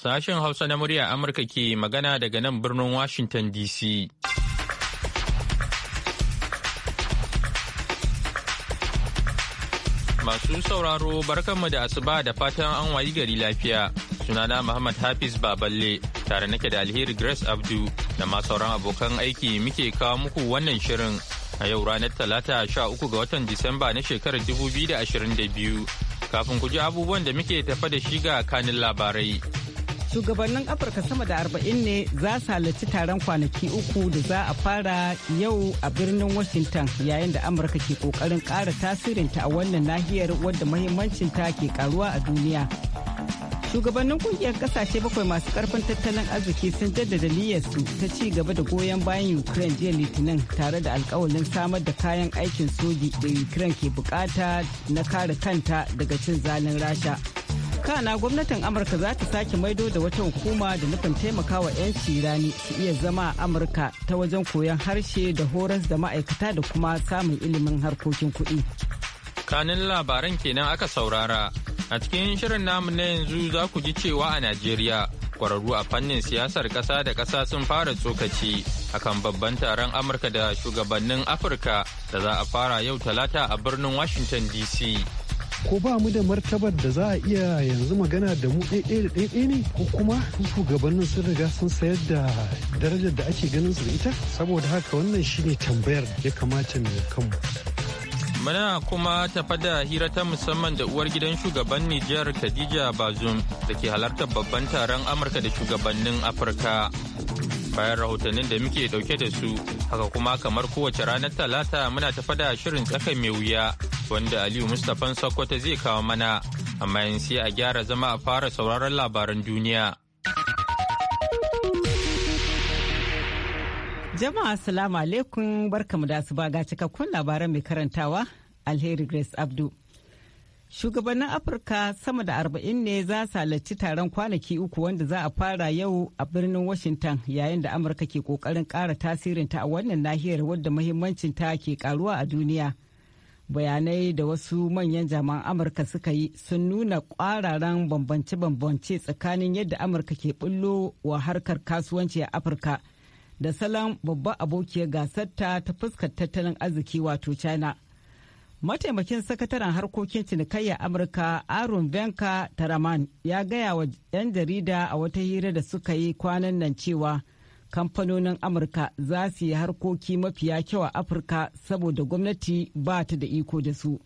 Sashen Hausa na murya Amurka ke magana daga nan birnin Washington DC. Masu sauraro barkanmu da asuba da fatan an wayi gari lafiya. Sunana Muhammad Hafiz Baballe tare nake da Alheri Grace Abdu da ma sauran abokan aiki muke kawo muku wannan shirin a yau ranar Talata sha uku ga watan Disamba na shekarar da ashirin biyu kafin ku ji abubuwan da muke tafa da shi ga kanin labarai. shugabannin afirka sama da arba'in ne za su halarci taron kwanaki uku da za a fara yau a birnin washington yayin da amurka ke kokarin kara tasirinta a wannan nahiyar wadda mahimmancinta ke karuwa a duniya shugabannin kungiyar kasashe bakwai masu karfin tattalin arziki sun jaddada niyyarsu ta ci gaba da goyon bayan ukraine jiya litinin tare da alkawalin samar da kayan aikin soji da ukraine ke bukata na kare kanta daga cin zalin rasha kana gwamnatin amurka za ta sake maido da wata hukuma da nufin taimakawa 'yan cirani su iya zama a amurka ta wajen koyon harshe da horas da ma'aikata da kuma samun ilimin harkokin kuɗi kanin labaran kenan aka saurara a cikin shirin namu na yanzu za ku ji cewa a najeriya kwararru a fannin siyasar ƙasa da ƙasa sun fara tsokaci akan babban taron amurka da shugabannin afirka da za a fara yau talata a birnin washington dc ko ba mu da martabar da za a iya yanzu magana da mu ɗaiɗaya da ɗaiɗaya ne ko kuma shugabannin sun riga sun sayar da darajar da ake ganin su da ita saboda haka wannan shine tambayar ya kamata mu kanmu. Muna kuma tafa da hira ta musamman da uwar gidan shugaban Nijar Khadija Bazoum da ke halartar babban taron Amurka da shugabannin Afirka. Bayan rahotannin da muke dauke da su, haka kuma kamar kowace ranar Talata muna tafa da shirin tsakai mai wuya wanda Aliyu Mustapha Sokoto zai kawo mana, amma yin sai a gyara zama a fara sauraron labaran duniya. Jama'a salamu alaikum barkamu da su baga cikakkun labaran mai karantawa Alheri Grace Abdu. Shugabannin Afirka sama da arba'in ne za su halarci taron kwanaki uku wanda za a fara yau a birnin Washington yayin da Amurka ke kokarin ƙara tasirinta a wannan nahiyar wadda mahimmancinta ke karuwa a duniya. bayanai da wasu manyan jaman amurka suka yi sun nuna kwararan bambance-bambance tsakanin yadda amurka ke bullo wa harkar kasuwanci a afirka da salon babba abokiyar gasarta ta fuskar tattalin arziki wato china mataimakin sakataren harkokin cinikayya amurka aaron benka taraman ya gaya wa 'yan jarida a wata hira da suka yi kwanan nan cewa kamfanonin amurka za su yi harkoki mafiya kyau a afirka saboda gwamnati ba ta da iko da su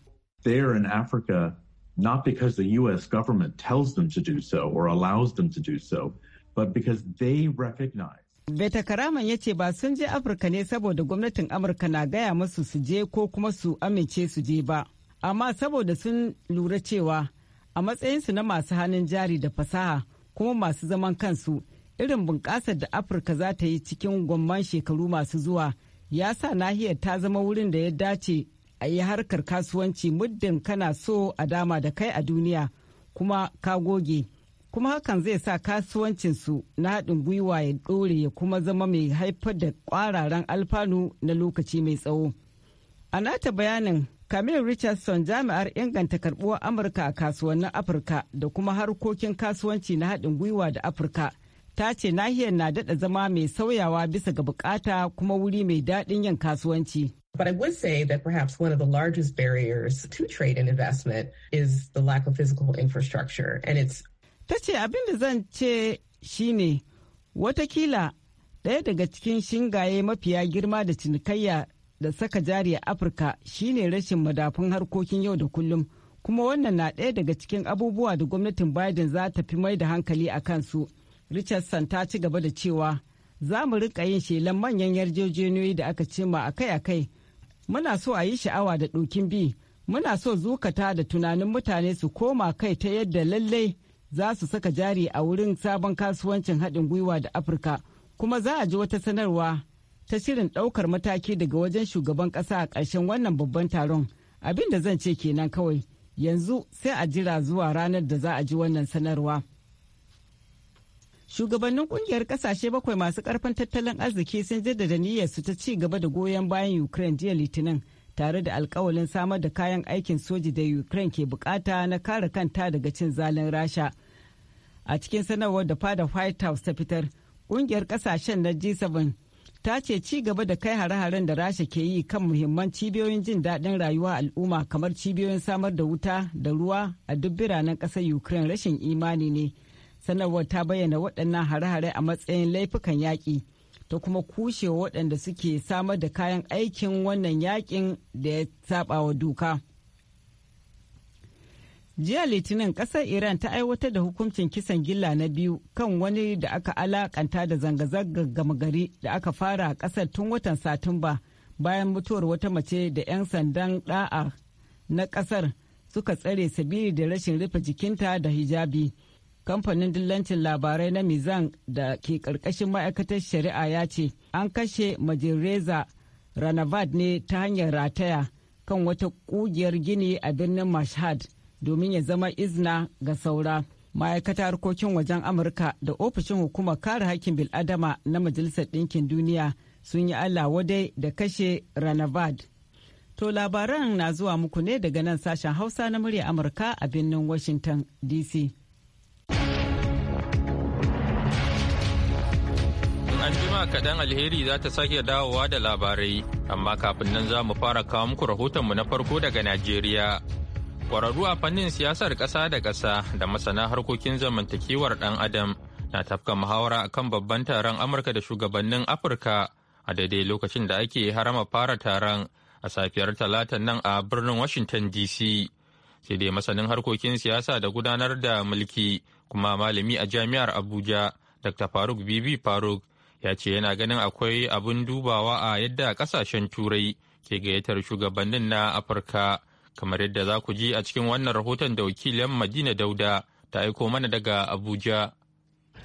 are in africa not because the us government tells them to do so or allows them to do so but because they recognize Beta Karaman ya ce ba sun je Afirka ne saboda gwamnatin Amurka na gaya masu su je ko kuma su amince su je ba. Amma saboda sun lura cewa a matsayinsu na masu hannun jari da fasaha kuma masu zaman kansu irin bunƙasar da afirka za ta yi cikin gwamman shekaru masu zuwa ya sa nahiyar ta zama wurin da ya dace a yi harkar kasuwanci muddin kana so a dama da kai a duniya kuma ka goge kuma hakan zai sa kasuwancinsu na haɗin gwiwa ya ɗore ya kuma zama mai haifar da ƙwararen alfanu na lokaci mai tsawo a nata bayanin Camille Richardson jami'ar inganta karbuwar Amurka a kasuwannin Afirka da kuma harkokin kasuwanci na haɗin gwiwa da Afirka ta ce nahiyar na daɗa zama mai sauyawa bisa ga bukata kuma wuri mai daɗin yin kasuwanci. But I would say that perhaps one of the largest barriers to trade and investment is the lack of physical infrastructure. And it's Ta ce abin da zan ce shine watakila ɗaya daga cikin shingaye mafiya girma da cinikayya da saka jari a Afirka shine rashin madafun harkokin yau da kullum. Kuma wannan na ɗaya daga cikin abubuwa da gwamnatin Biden za ta fi mai da hankali a kansu. su. richardson ta ci gaba da cewa za mu rika yin shelan manyan yarjejeniyoyi da aka ce ma akai-akai muna so a yi sha'awa da ɗokin bi muna so zukata da tunanin mutane su koma kai ta yadda lallai za su saka jari a wurin sabon kasuwancin haɗin gwiwa da afirka kuma za a ji wata sanarwa ta shirin ɗaukar mataki daga wajen shugaban ƙasa a ƙarshen wannan babban taron abin da zan ce kenan kawai yanzu sai a jira zuwa ranar da za a ji wannan sanarwa. shugabannin kungiyar kasashe bakwai masu karfin tattalin arziki sun jaddada niyyar su ta ci gaba da goyon bayan ukraine jiya litinin tare da alkawalin samar da kayan aikin soji da ukraine ke bukata na kare kanta daga cin zalin rasha a cikin sanarwar da fada white house ta fitar kungiyar kasashen na g7 ta ce ci gaba da kai hare-haren da rasha ke yi kan muhimman cibiyoyin jin daɗin rayuwa al'umma kamar cibiyoyin samar da wuta da ruwa a duk biranen ƙasar ukraine rashin imani ne sanarwar ta bayyana waɗannan hare-hare a matsayin laifukan yaƙi ta kuma kushe waɗanda suke samar da kayan aikin wannan yaƙin da ya saba wa doka. jiya litinin ƙasar iran ta aiwatar da hukuncin kisan gilla na biyu kan wani da aka alakanta da zanga-zangar gama gari da aka fara a ƙasar tun watan satumba bayan mutuwar wata mace da 'yan sandan da'a na ƙasar suka tsare sabili da rashin rufe jikinta da hijabi. kamfanin dillancin labarai na mizan da ke ƙarƙashin ma'aikatar shari'a ya ce an kashe majireza ranavad ne ta hanyar rataya kan wata ƙugiyar gini a birnin mashhad domin ya zama izna ga saura ma'aikatar harkokin wajen amurka da ofishin hukumar kare haƙƙin bil'adama na majalisar ɗinkin duniya sun yi allah wadai da kashe ranavad to labaran na zuwa muku ne daga nan sashen hausa na murya amurka a birnin washington dc an jima kaɗan alheri za ta sake dawowa da labarai, amma kafin nan za mu fara kawo muku rahotonmu na farko daga Najeriya. Ƙwararru a fannin siyasar ƙasa da ƙasa da masana harkokin zamantakewar ɗan adam na tafka muhawara a kan babban taron Amurka da shugabannin Afirka a daidai lokacin da ake harama fara taron a safiyar talata nan a birnin Washington DC. Sai dai masanin harkokin siyasa da gudanar da mulki kuma malami a jami'ar Abuja. Dr. Faruk Bibi Faruk ya ce yana ganin akwai abin dubawa a yadda kasashen turai ke gayyatar shugabannin na afirka kamar yadda za ku ji a cikin wannan rahoton da wakilin madina dauda ta aiko mana daga abuja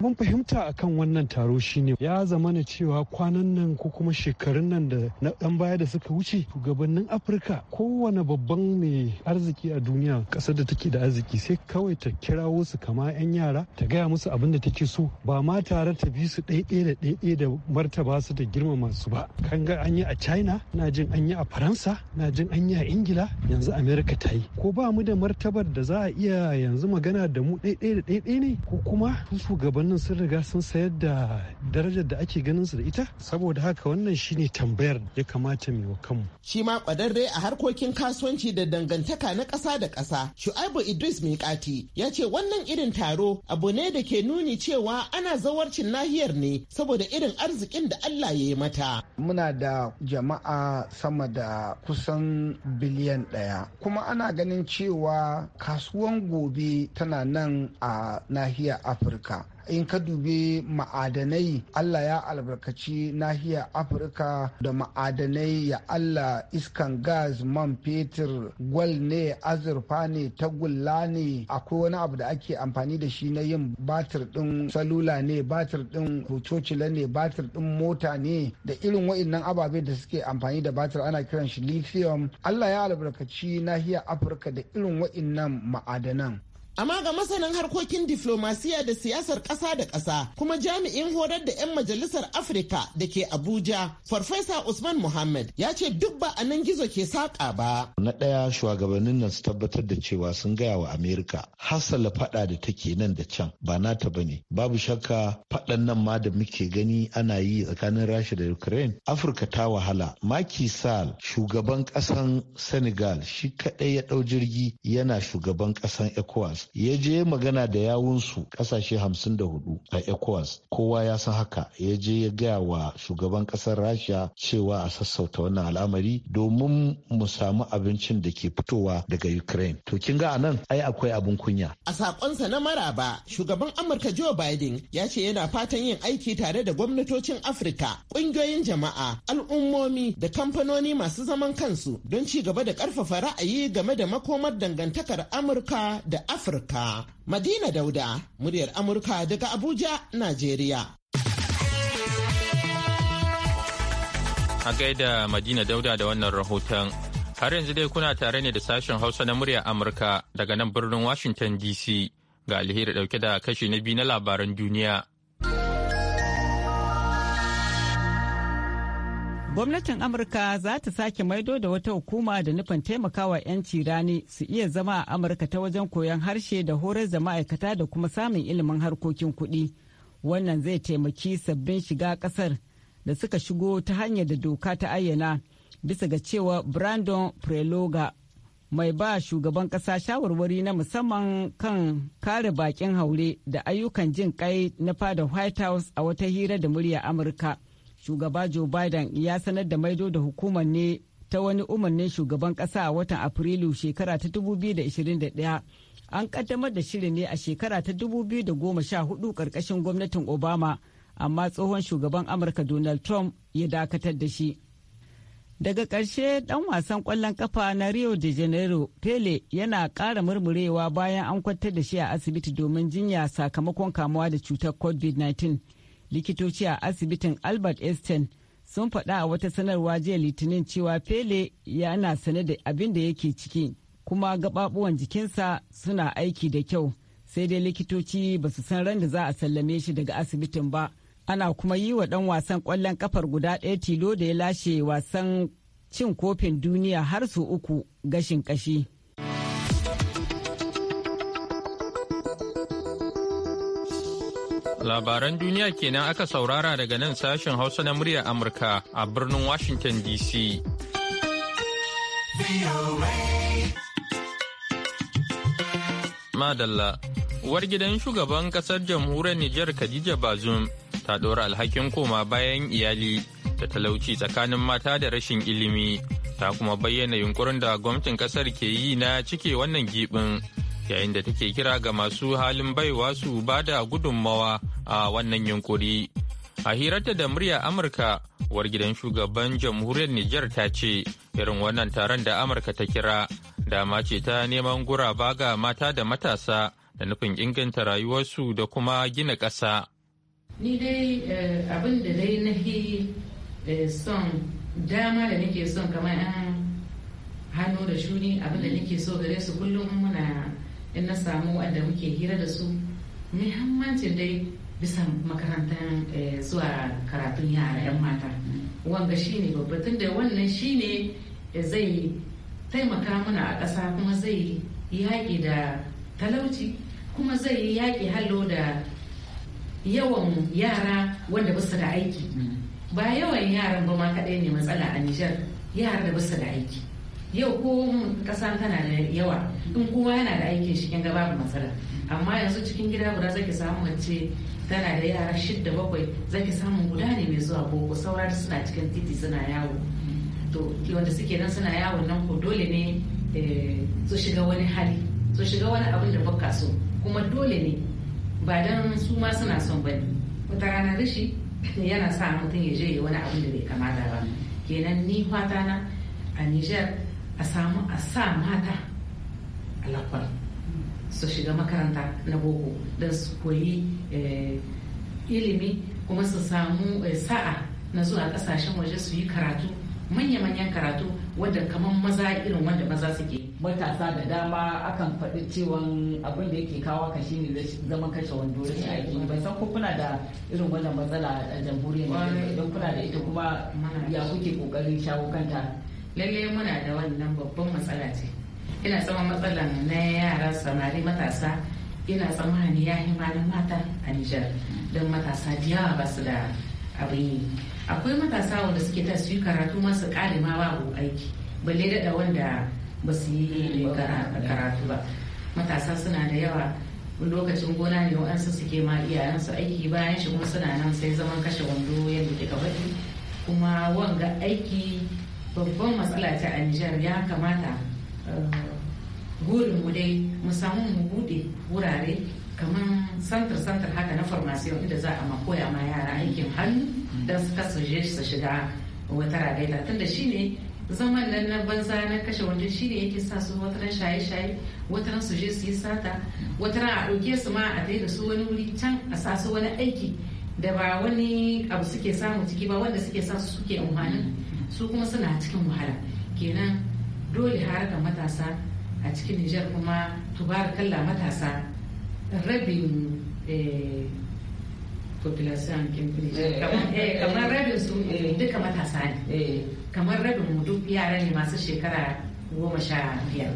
Mun fahimta akan wannan taro shine ya zama na cewa kwanan nan ko kuma shekarun nan da na dan baya da suka wuce shugabannin Afirka kowane babban mai arziki a duniya kasar da take da arziki sai kawai ta kirawo su kama 'yan yara ta gaya musu abin da take so ba ma tare ta bi su ɗaiɗaya da ɗaiɗaya da martaba su da girmama su ba. Kan ga an yi a China, na jin an yi a Faransa, na jin an yi a Ingila, yanzu america ta yi. Ko ba mu da martabar da za a iya yanzu magana da mu ɗaiɗaya da ɗaiɗaya ne ko kuma su shugaban nan sun riga sun sayar da darajar da ake ganin su da ita saboda haka wannan shine tambayar ya kamata mu kanmu shi ma kwadarre a harkokin kasuwanci da dangantaka na ƙasa da ƙasa shu'aibu idris miƙati ya ce wannan irin taro abu ne da ke nuni cewa ana zawarcin nahiyar ne saboda irin arzikin da allah ya yi mata muna da jama'a sama da kusan biliyan ɗaya kuma ana ganin cewa kasuwan gobe tana nan a nahiyar afirka in ka dubi ma'adanai allah ya albarkaci nahiyar afirka da ma'adanai ya allah iskan gas man fetur gwal ne azurfa ne tagulla ne akwai wani abu da ake amfani da shi na yin batir din salula ne batir din hutocila ne batir din mota ne da irin wa'annan ababe da suke amfani da batir ana kiran shi lithium allah ya albarkaci nahiyar afirka da irin wa'annan ma'adanan amma ga masanin harkokin diflomasiya da siyasar ƙasa da ƙasa kuma jami'in horar da 'yan majalisar afirka da ke abuja farfesa usman muhammad ya ce duk ba a nan gizo ke saƙa ba na ɗaya shugabannin nan su tabbatar da cewa sun gaya wa amerika hasala faɗa da take nan da can ba nata ba ne babu shakka faɗan nan ma da muke gani ana yi tsakanin rasha da ukraine afirka ta wahala maki sal shugaban ƙasan senegal shi kaɗai ya ɗau jirgi yana shugaban ƙasan ecowas ya je magana da yawunsu kasashe 54 a ecowas kowa ya san haka ya je ya gaya wa shugaban kasar rasha cewa a sassauta wannan al'amari domin mu samu abincin da ke fitowa daga ukraine to kin ga anan ai akwai abin kunya a sakonsa na maraba shugaban amurka joe biden ya ce yana fatan yin aiki tare da gwamnatocin afirka ƙungiyoyin jama'a al'ummomi da kamfanoni masu zaman kansu don ci gaba da ƙarfafa ra'ayi game da makomar dangantakar amurka da afirka Afirka. Madina Dauda, muryar Amurka daga Abuja, Najeriya. A gaida Madina Dauda da wannan rahoton. Har yanzu dai kuna tare ne da sashen Hausa na muryar Amurka daga nan birnin Washington DC ga alheri dauke da kashi na biyu na labaran duniya. Gwamnatin Amurka za ta sake maido da wata hukuma da nufin taimakawa 'yanci rani su iya zama a Amurka ta wajen koyon harshe da horar da ma'aikata da kuma samun ilimin harkokin kuɗi. Wannan zai taimaki sabbin shiga ƙasar da suka shigo ta hanyar da doka ta ayyana bisa ga cewa Brandon Preloga mai ba shugaban ƙasa shawarwari na musamman kan kare bakin haure da ayyukan jin kai na fada White House a wata hira da murya Amurka. shugaba joe biden ya sanar da maido da hukumar ne ta wani umarnin shugaban kasa a watan afrilu shekara ta 2021 an kaddamar da shirin ne a shekara ta 2014 karkashin gwamnatin obama amma tsohon shugaban amurka donald trump ya dakatar da shi daga ƙarshe ɗan wasan ƙwallon kafa na rio de janeiro pele yana ƙara murmurewa bayan an kwantar da shi a asibiti domin jinya sakamakon kamuwa da cutar covid-19 likitoci a asibitin albert einstein sun faɗa a wata sanarwa jiya litinin cewa pele yana sane da abin da yake ciki kuma gababuwan jikinsa suna aiki da kyau sai dai likitoci ba su san ran da za a sallame shi daga asibitin ba ana kuma yi wa ɗan wasan kwallon kafar guda ɗaya tilo da ya lashe wasan cin kofin duniya har su uku gashin ƙashi. Labaran duniya kenan aka saurara daga nan sashen Hausa na muryar Amurka a birnin Washington DC. Madalla, uwar gidan shugaban kasar jamhuriyar Nijar Khadija bazum ta ɗora alhakin koma bayan iyali da talauci tsakanin mata da rashin ilimi, ta kuma bayyana yunkurin da gwamnatin kasar ke yi na cike wannan gibin. yayin da take kira ga masu halin baiwa su ba da gudunmawa a wannan yunkuri. A hirarta da murya Amurka, war gidan shugaban jamhuriyar Nijar ta ce irin wannan taron da Amurka ta kira dama ce ta neman guraba ga mata da matasa da nufin inganta rayuwarsu da kuma gina ƙasa. Ni dai eh, abin da dai nahi eh, son dama da nake son kamar yan hannu da shuni abin da nake so gare su kullum muna in na samu wanda muke hira da su muhimmanci dai bisa makarantar eh, zuwa karatun yara 'yan mata wanga shine babba da wannan shine eh, zai taimaka mana a ƙasa kuma zai yaƙi da talauci kuma zai yaƙi hallo da yawan yara wanda basu da aiki ba yawan yaran ba ma kaɗai ne matsala a Nijar yara da basu da aiki yau ko ƙasa tana da yawa in kowa yana da aikin shi kin ga babu matsala amma yanzu cikin gida guda zaki samu mace tana da yara shidda bakwai zaki samun guda ne mai zuwa boko saura suna cikin titi suna yawo to wanda suke nan suna yawon nan ko dole ne eh, su shiga wani hali su shiga wani abin da baka so kuma dole ne ba dan su ma suna son bane wata rana rishi yana sa mutum ya je wani abin da bai kamata ba kenan ni fata na a Niger a samu a sa mata a lakwal su shiga makaranta na boko don su koyi eh, ilimi kuma su samu eh, sa'a na zuwa kasashen waje su yi karatu manya-manyan karatu wadda kamar maza irin wanda maza suke matasa da dama akan faɗi cewa abin da yake kawo ka shine zama kashe wando rashin aiki ban san ko kuna da irin wannan matsala a jamhuriyar don kuna da ita kuma ya kuke kokarin shawo kanta lallai muna da wannan babban matsala ce ina tsawon matsala na yara samari matasa ina tsammani ya yi na mata a Nijar don matasa da yawa ba su da abin yi akwai matasa wanda suke ta su yi karatu masu kare ma babu aiki balle daɗa wanda ba su yi karatu ba matasa suna da yawa lokacin gona ne wa'ansu suke ma iyayensu aiki bayan shi kuma suna nan sai zaman kashe wando yadda kika faɗi kuma wanga aiki babban matsala ta a Nijar ya kamata Eh, mu dai mu samu mu bude wurare kamar santar-santar haka na farmasiyon inda za a makoya ma yara aikin hannu don su kasu su shiga wata ragaita tunda shi ne zaman nan na banza na kashe wanda shi ne yake sa su wataran shaye-shaye wataran su je su yi sata wataran a ɗauke su ma a da su wani wuri can a sa su wani aiki da ba wani abu suke samu ciki ba wanda suke sa su suke amfani su kuma suna cikin wahala kenan dole har harkar matasa a cikin nijar kuma tubarakalla matasa rabin eh, population kimfili eh. kamar eh, rabin su duka matasa ne kamar rabin mu duk yara ne masu shekara goma sha biyar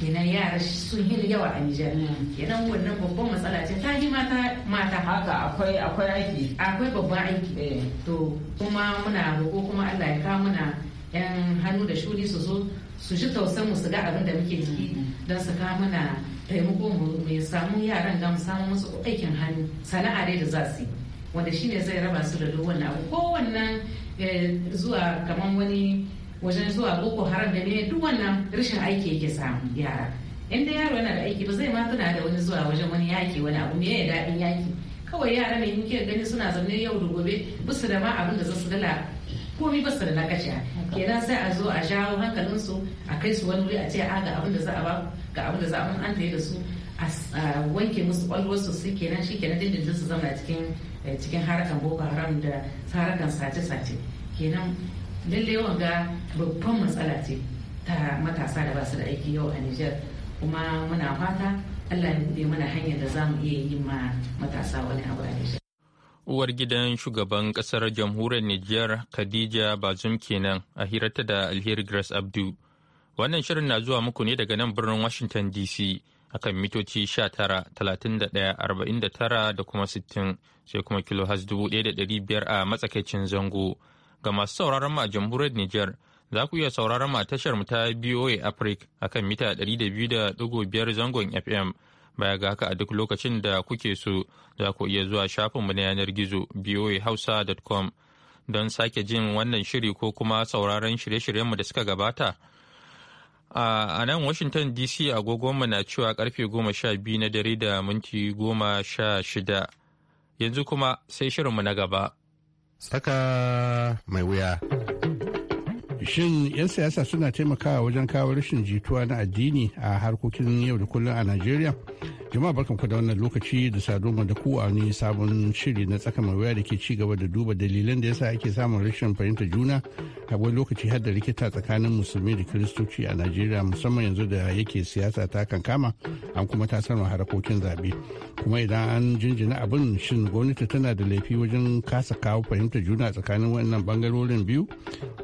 kenan yara sun yi yawa a Nijar hmm. kenan wannan babban matsala ce ta yi mata mata haka akwai akwai aiki akwai babban aiki to kuma muna roƙo kuma Allah ya kawo muna 'yan hannu da shuni su zo su ji tausan mu su ga abin da muke ciki don su kawo mana taimako mu samu yaran da mu samu musu aikin hannu sana'a dai da za su yi wanda ne zai raba su da duk wannan abu kowannan eh, zuwa kamar wani wajen zuwa boko haram da ne duk wannan rashin aiki yake samu yara inda yaro yana da aiki ba zai ma tuna da wani zuwa wajen wani yaki wani abu me ya daɗin yaki kawai yara ne muke gani suna zaune yau da gobe bisu da ma abin da za su dala komi ba su da nakashi kenan sai a zo a jawo hankalin su a kai su wani wuri a ce a ga abin da za a ba ga abin da za a an tayi da su a wanke musu kwallon su su kenan shi kenan din su zama cikin eh, cikin harakan boko haram da harakan sace-sace kenan lalle wanga babban matsala ce ta matasa da ba su da aiki yau a Nijar kuma muna fata Allah ya buɗe mana hanyar da za mu iya yi ma matasa wani abu a Nijar. Uwar gidan shugaban kasar jamhuriyar Nijar Khadija Bazum kenan a hirarta da Alheri Grace Abdu. Wannan shirin na zuwa muku ne daga nan birnin Washington DC akan mitoci 19,39,49 da kuma 60 sai kuma kilo has biyar a matsakaicin zango. Ga masu sauraron ma a jamhuriyar Nijar za ku iya sauraron ma tashar mu ta BOA Africa akan mita 200.5 zangon FM. Baya ga haka a duk lokacin da kuke so za ku iya zuwa shafinmu na yanar gizo voahausa.com don sake jin wannan shiri ko kuma sauraron shirye-shiryenmu da suka gabata. A nan Washington DC agogonmu na cewa karfe goma sha biyu na dare da minti goma sha shida. Yanzu kuma sai shirinmu na gaba. Saka mai wuya. Shin 'yan siyasa suna taimakawa wajen kawo rashin jituwa na addini a harkokin yau da kullum a Najeriya? Jama'a ku da wannan lokaci da sadoma da ku a wani sabon shiri na tsaka mai waya da ke ci gaba da duba dalilan da yasa ake samun rashin fahimta juna a wani lokaci har da rikita tsakanin musulmi da kiristoci a Najeriya musamman yanzu da yake siyasa ta kankama an kuma ta sanar harkokin zaɓe. kuma idan an jinjina abin shin gwamnati tana da laifi wajen kasa kawo fahimtar juna tsakanin wannan bangarorin biyu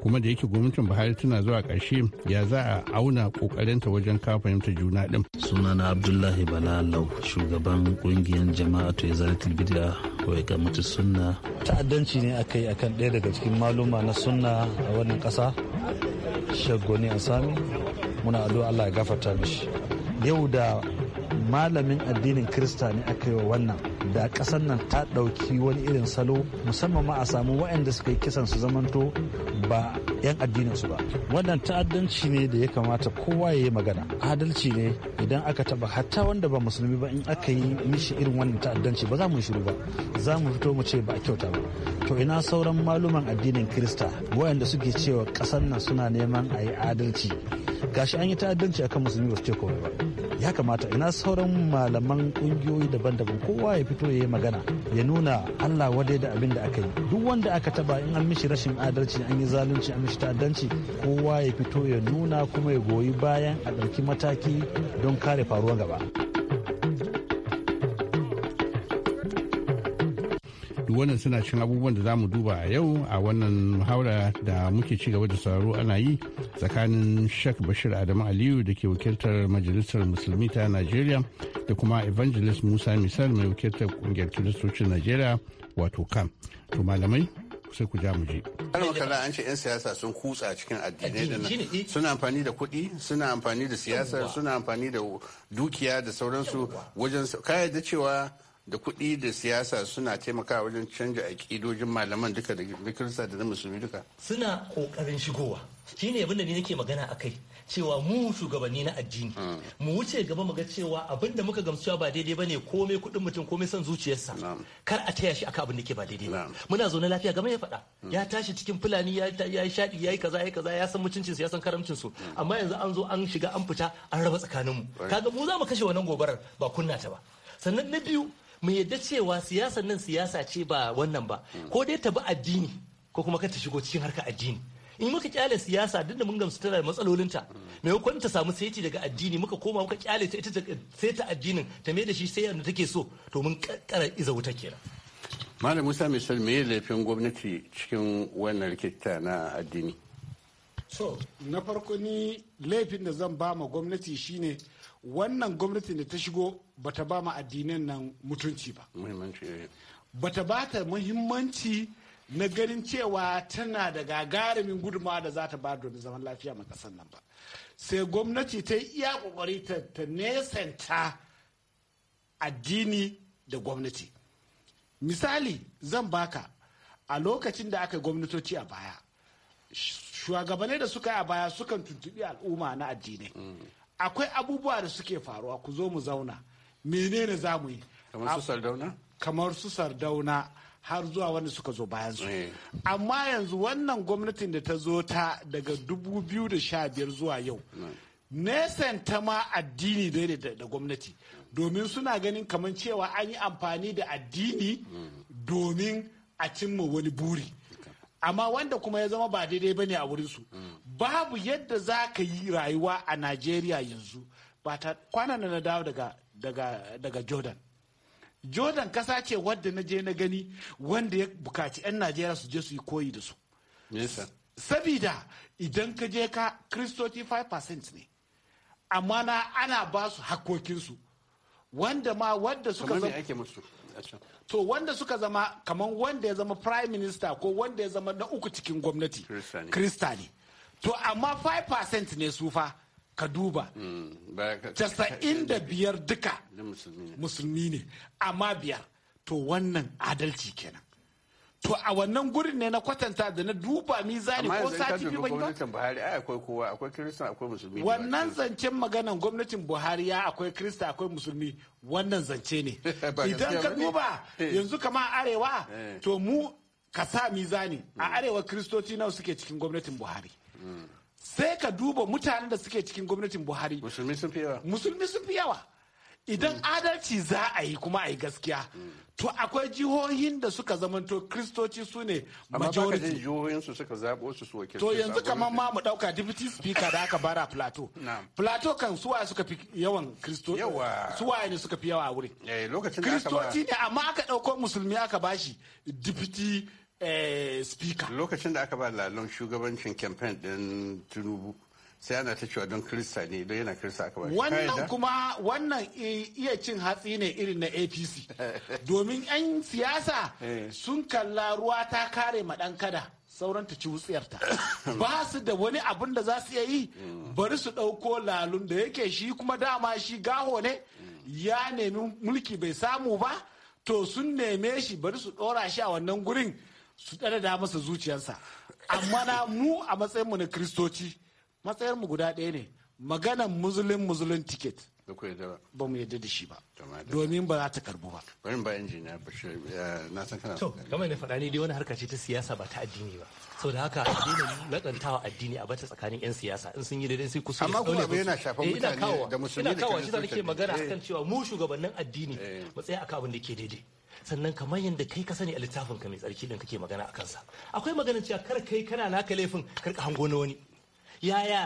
kuma da yake gwamnatin buhari tana zuwa karshe ya za a auna ƙoƙarinta wajen kawo fahimtar juna din sunana abdullahi balalau shugaban ƙungiyar jama'a izalatul wai ga mutu sunna ta'addanci ne aka yi akan ɗaya daga cikin maluma na sunna a wannan ƙasa shaggoni a sami muna addu'a Allah ya gafarta mishi yau da malamin addinin krista ne aka yi wa wannan da ƙasar nan ta ɗauki wani irin salo musamman ma a samu waɗanda suka yi kisan su zamanto ba 'yan addinin su ba wannan ta'addanci ne da ya kamata kowa ya yi magana adalci ne idan aka taba hatta wanda ba musulmi ba in aka yi mishi irin wannan ta'addanci ba za mu shiru ba za mu fito mu ce ba a kyauta ba to ina sauran maluman addinin krista waɗanda suke cewa ƙasar nan suna neman a yi adalci gashi an yi ta'addanci akan musulmi ba su ce kowai ba ya kamata ina sauran malaman kungiyoyi daban-daban kowa ya fito ya yi magana ya nuna allah wadai da abin da aka yi duk wanda aka taba in an mishi rashin adalci an yi zalunci an mishi ta'addanci kowa ya fito ya nuna kuma ya goyi bayan a ɗauki mataki don kare faruwa gaba. duk wannan suna cin abubuwan da za mu duba a yau a wannan haura da muke ci gaba da sauraro ana yi tsakanin shak bashir adamu aliyu da ke wakiltar majalisar musulmi ta najeriya da kuma evangelist musa misal mai wakiltar kungiyar kiristocin najeriya wato kam to malamai sai ku ja mu je. an ce 'yan siyasa sun kutsa cikin addinai da nan eh. suna amfani da kuɗi suna amfani da siyasa suna amfani da dukiya da sauransu wajen kayar da cewa da kuɗi da siyasa suna taimakawa wajen canja aƙidojin malaman duka da kirista da na musulmi duka. Suna ƙoƙarin shigowa. Shi ne abin da ni nake magana a kai cewa mu shugabanni na addini. Hmm. Mu wuce gaba mu ga cewa abin da muka gamsuwa ba daidai ba ne komai kuɗin mutum komai son zuciyarsa. Kar a taya shi aka abin da ke ba daidai ba. Muna zaune lafiya gama ya faɗa. Hmm. Ya tashi cikin fulani ya yi shaɗi ya yi kaza ya yi kaza ya san mutuncinsu ya san karamcinsu. Hmm. Amma yanzu an zo an shiga an fita an raba tsakaninmu. Kaga mu za mu kashe wannan gobarar ba kunna ta ba. Sannan na biyu mu yadda cewa siyasar nan siyasa ce ba wannan ba mm. ko dai ta bi addini ko kuma ka ta shigo cikin harka addini in muka kyale siyasa duk da mun gamsu tana da matsalolinta mm. maimakon ta samu saiti daga addini muka koma muka kyale ta ita sai ta addinin ta mai da shi sai yadda take so to mun kakkara iza wuta kenan malam musa misal me laifin gwamnati cikin wannan rikita na addini so na farko ni laifin da zan ba ma gwamnati shine wannan gwamnati da ta shigo bata ba ma addinan nan mutunci ba eh. bata ba ta muhimmanci na ganin cewa tana da gagarumin gudunmawa da za ta ba domin zaman lafiya ma kasan nan ba sai gwamnati ta yi iya kokari ta nesanta addini da gwamnati misali zan baka a lokacin da aka yi gwamnatoci a baya shugabannin da suka yi a baya sukan tuntubi al'umma na addinai mm. akwai abubuwa da suke faruwa ku zo mu zauna menene za mu yi kamar su sardauna kamar su sardauna har zuwa wanda suka zo bayan su eh. amma yanzu wannan gwamnatin da ta zo ta daga 2015 zuwa yau nesan ta ma addini daidai da gwamnati domin suna ganin kamar cewa an yi amfani da addini domin a cimma wani buri amma wanda kuma ya zama ba daidai ba ne a wurinsu mm. babu yadda za ka yi rayuwa a najeriya yanzu ba ta kwanan na dawo daga daga, daga jordan jordan kasa ce wadda na je na gani wanda ya bukaci 'yan najeriya su je su yi koyi da su sabida idan ka je ka kristoci 5% ne amma na ana ba su hakokinsu wanda ma wadda suka zama ake musu to wanda suka zama kamar wanda ya zama prime minister ko wanda ya zama na uku cikin gwamnati krista ne to amma 5% ne sufa. fa ka duba hmm, casa'in da biyar duka musulmi ne amma biyar to wannan adalci kenan to a wannan gurin ne na kwatanta da na duba mizani ko sati biyu ban gwamnatin Buhari ai akwai kowa akwai Kirista akwai musulmi wannan zancen maganan gwamnatin Buhari ya akwai Kirista akwai musulmi wannan zance ne idan ka duba eh. yanzu kama arewa eh. to mu ka sa mizani a hmm. arewa kristoci nawa suke cikin gwamnatin Buhari hmm. sai ka duba mutanen da suke cikin gwamnatin buhari musulmi sun fi yawa idan mm. adalci za a yi kuma a yi gaskiya mm. to akwai jihohin da suka zamanto kristoci su ne majority jihohin su suka zabo su su to yanzu kamar ma mu ɗauka deputy speaker da aka bara plateau plateau kan suwaye suka fi yawan kristo suwaye ne suka fi yawa a wurin eh, kristoci ne amma aka ɗauko musulmi aka bashi deputy Eh, speaker lokacin da aka ba lalon shugabancin campaign din tinubu sai ana ta cewa don kirista ne don yana kirista aka ba wannan kuma wannan iya cin hatsi ne irin na apc domin 'yan siyasa eh. sun kalla ruwa ta kare ma kada sauran ta ci wutsiyarta ba su da wani abin da za su iya yi mm. bari su ɗauko lalun da yake shi kuma dama shi gaho ne mm. ya nemi mulki bai samu ba to sun neme shi bari su ɗora shi a wannan gurin su da masa zuciyarsa amma na mu a matsayin mu na kristoci matsayar mu guda ɗaya ne maganan muzulun muzulun ticket ba mu yadda da shi ba domin ba za ta karbu ba bari ba injiniya bashir na san kana to kamar da faɗa ne dai wani harka ce ta siyasa ba ta addini ba sau da haka na lakantawa addini a bata tsakanin yan siyasa in sun yi daidai sai kusa amma kuma abu yana shafan eh, mutane da musulmi da kiristoci ina kawo shi da nake magana akan cewa mu shugabannin addini eh. mu tsaya akan abin da ke daidai sannan kamar yadda kai ka sani a littafin ka mai tsarki din kake magana a kansa akwai maganar cewa kar kai kana naka laifin kar ka hango na wani yaya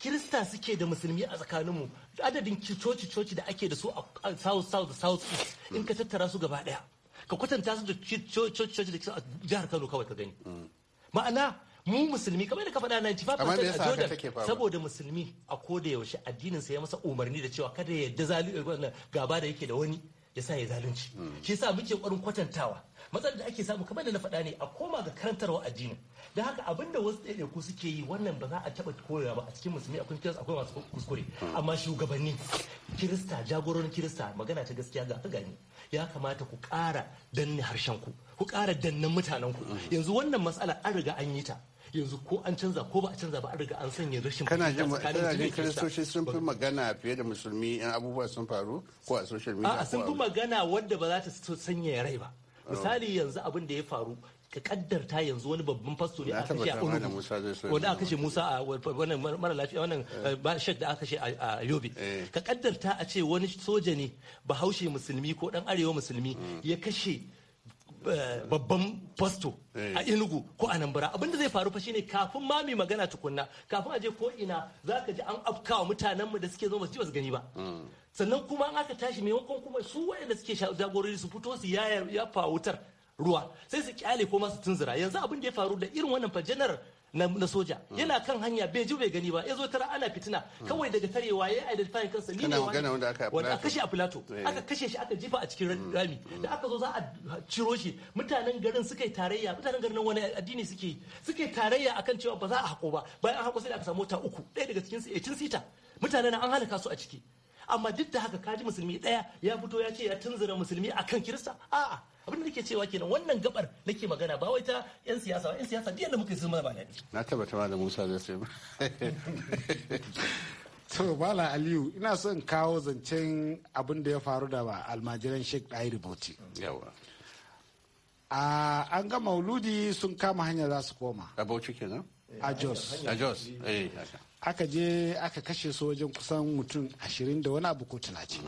kirista suke da musulmi a tsakaninmu adadin coci coci da ake da su a south south da south east in ka tattara su gaba daya ka kwatanta su da coci coci da ke a jihar kano kawai ka gani mm. ma'ana mu musulmi kamar da ka faɗa 95% a Jordan saboda musulmi a koda yaushe addinin sa ya masa umarni da cewa kada ya yarda zalu eh, gaba da yake da wani ya sa ya zalunci shi sa muke kwarin kwatantawa matsalar da ake samu kamar da na faɗa ne a koma ga karantarwa addini don haka abin da wasu ku suke yi wannan ba za a taɓa koya ba a cikin musulmi akwai kiras akwai masu kuskure amma shugabanni kirista jagororin kirista magana ta gaskiya ga gani ya kamata ku ƙara danne harshen ku ku ƙara dannan mutanen ku yanzu wannan matsala an riga an yi ta yanzu ko an canza ko ba a canza ba an riga an sanya rashin kana jin kana jin kiristoci sun fi magana fiye da musulmi yan abubuwa sun faru ko a social media a sun fi magana wanda ba za ta sanya rai ba oh. misali yanzu abin da ya faru ka kaddarta yanzu wani babban fasto ne a kashe a Onugu wanda aka kashe Musa a wannan mara lafiya wannan eh. eh, shek da aka kashe a Yobe eh. ka kaddarta a ce wani soja ne bahaushe musulmi ko dan arewa musulmi hmm. ya kashe babban fasto a inugu eh. ko a nambara abinda zai faru fa shine kafin ma mai magana tukunna kafin a je ko ina zaka ji an afkawa mu da suke zo ji basu gani ba hmm. sannan kuma an aka tashi wankan kuma su waɗanda suke jagorori su fito su yaya ya wutar ruwa sai su kyale ko su tunzura yanzu abin da ya faru da irin wannan fa janar na soja yana kan hanya bai ji bai gani ba ya zo tara ana fitina kawai daga tarewa ya identify kansa ni ne wanda aka kashe a plato eh. aka kashe shi aka jifa a cikin rami mm. Mm. da aka zo za a ciro shi mutanen garin suka yi tarayya mutanen garin wani addini suke yi suka yi tarayya akan cewa ba za a hako ba bayan an hako sai da aka samu mota uku ɗaya daga cikin su 18 sita mutanen an halaka su a ciki amma duk da haka kaji musulmi daya ya fito ya ce ya tunzura musulmi akan kirista a'a abin da nake cewa kenan wannan gabar nake magana ba wai ta yan siyasa ba yan siyasa duk yadda muke sun mana ba ne na tabbata ma da Musa zai sai ba. to bala aliyu ina son kawo zancen abin da ya faru da ba almajiran sheik dai riboti yawa a an ga mauludi sun kama hanya za su koma a bauchi kenan a jos a jos eh, aka je aka kashe su wajen kusan mutum ashirin da wani abu ko talatin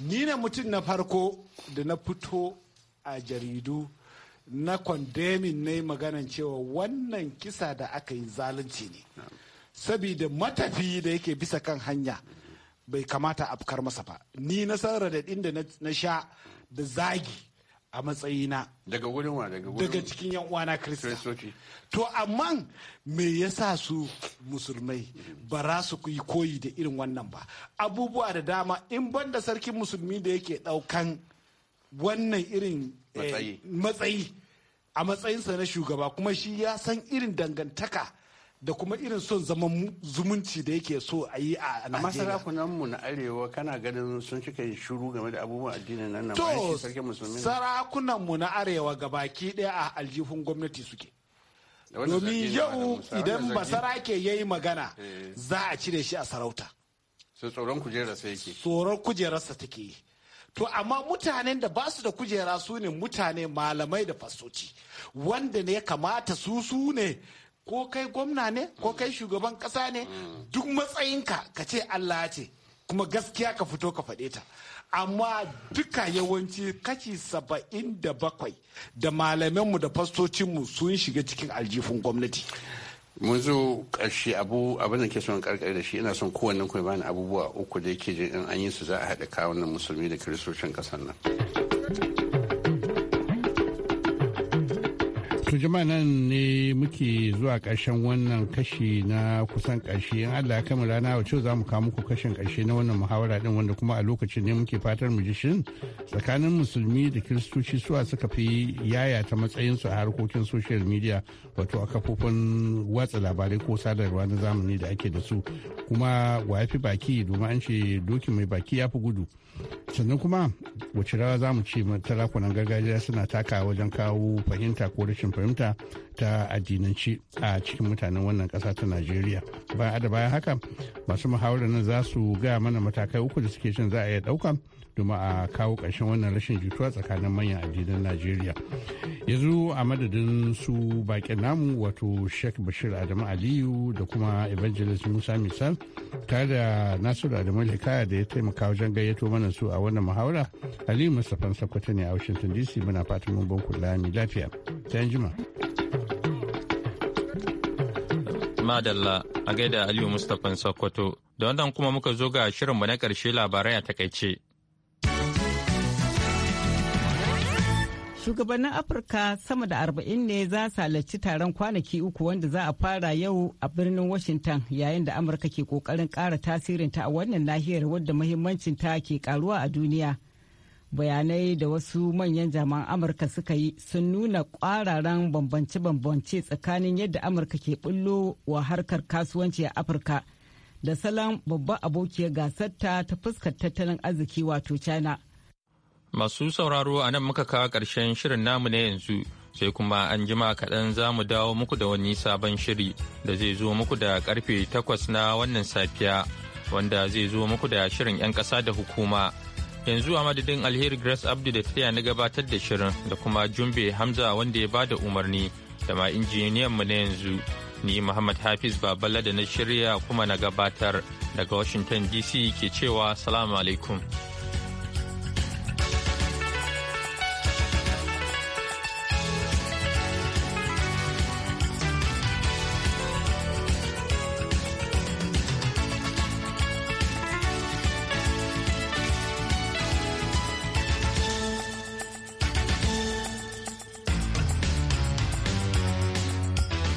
ni ne mutum na farko da na fito a jaridu na kwandemin na yi maganan cewa wannan kisa da aka yi zalunci ne sabida matafi da yake bisa kan hanya bai kamata a afkar masa ba ni na san da da na sha da zagi a matsayina daga wurin wa daga wurin daga cikin yan uwana kristoci to amma me yasa su musulmai ba za su yi koyi da irin wannan ba abubuwa da dama in ban da sarkin musulmi da yake daukan wannan irin eh, matsayi a matsayinsa na shugaba kuma shi ya san irin dangantaka da kuma irin son zaman zumunci da yake so a yi a Najeriya. Amma mu na Arewa kana ganin sun cika yin shuru game da abubuwan addinin nan na bayan sarki musulmi. Sarakunanmu na Arewa gabaki daya a aljihun gwamnati suke. Domin yau idan basarake ya yi magana eh. za a cire shi a sarauta. So tsoron kujerarsa yake. Tsoron kujerarsa take yi. To amma mutanen da ba su da kujera su ne mutane malamai da fasoci wanda ne ya kamata su su ne ko kai gwamna ne ko kai shugaban kasa ne duk matsayinka ka ce Allah ce kuma gaskiya ka fito ka faɗe ta amma duka yawanci kashi saba'in da bakwai da malamanmu da fastocinmu sun shiga cikin aljifin gwamnati mun zo ƙarshe abu abin da ke son karkar da shi ina son kowanne kuma bani abubuwa uku da yake jin an yi su za a haɗa kawunan musulmi da kiristocin ƙasar nan To jama'a nan ne muke zuwa ƙarshen wannan kashi na kusan ƙarshe in Allah ya kama rana wacce za mu kawo muku kashin ƙarshe na wannan muhawara din wanda kuma a lokacin ne muke fatar mu ji shin tsakanin musulmi da kiristoci suwa suka fi yaya ta matsayinsu a harkokin social media wato a kafofin watsa labarai ko sadarwa na zamani da ake da su kuma wa ya fi baki domin an ce doki mai baki ya fi gudu. sannan kuma wace rawa za mu ce sarakunan gargajiya suna taka wajen kawo fahimta ko rashin fahimta ta addinanci a cikin mutanen wannan ƙasa ta najeriya bayan da bayan haka masu muhawarar nan za su gaya mana matakai uku da suke cin za a iya ɗauka domin a kawo ƙarshen wannan rashin jituwa tsakanin manyan addinan najeriya yanzu a madadin su baƙin namu wato sheikh bashir adamu aliyu da kuma evangelist musa misal tare da nasiru adamu hikaya da ya taimaka wajen gayyato mana mana su a wannan muhawara aliyu mustapha sakwato ne a washington dc muna fatan mun ban kula lafiya sai jima madalla a gaida aliyu mustapha sakwato da wannan kuma muka zo ga shirinmu na karshe labarai a takaice Shugabannin Afirka sama da arba'in ne za su halarci taron kwanaki uku wanda za a fara yau a birnin Washington yayin da Amurka ke kokarin ƙara tasirinta a wannan nahiyar wadda muhimmancinta ke karuwa a duniya. Bayanai da wasu manyan jami'an Amurka suka yi sun nuna ƙwararan bambance-bambance tsakanin yadda Amurka ke bullo wa harkar kasuwanci a Afirka da salon babban abokiyar gasarta ta fuskar tattalin arziki wato China. Masu sauraro a nan muka kawo ƙarshen shirin namu na yanzu sai kuma an jima kaɗan za mu dawo muku da wani sabon shiri da zai zo muku da karfe takwas na wannan safiya wanda zai zo muku da shirin 'yan ƙasa da hukuma. yanzu a madadin alheri grace abdu da taya na gabatar da shirin da kuma jumbe hamza wanda ya bada umarni da ma injiniyan mu na yanzu ni muhammad hafiz babala da na shirya kuma na gabatar daga washington dc ke cewa salamu alaikum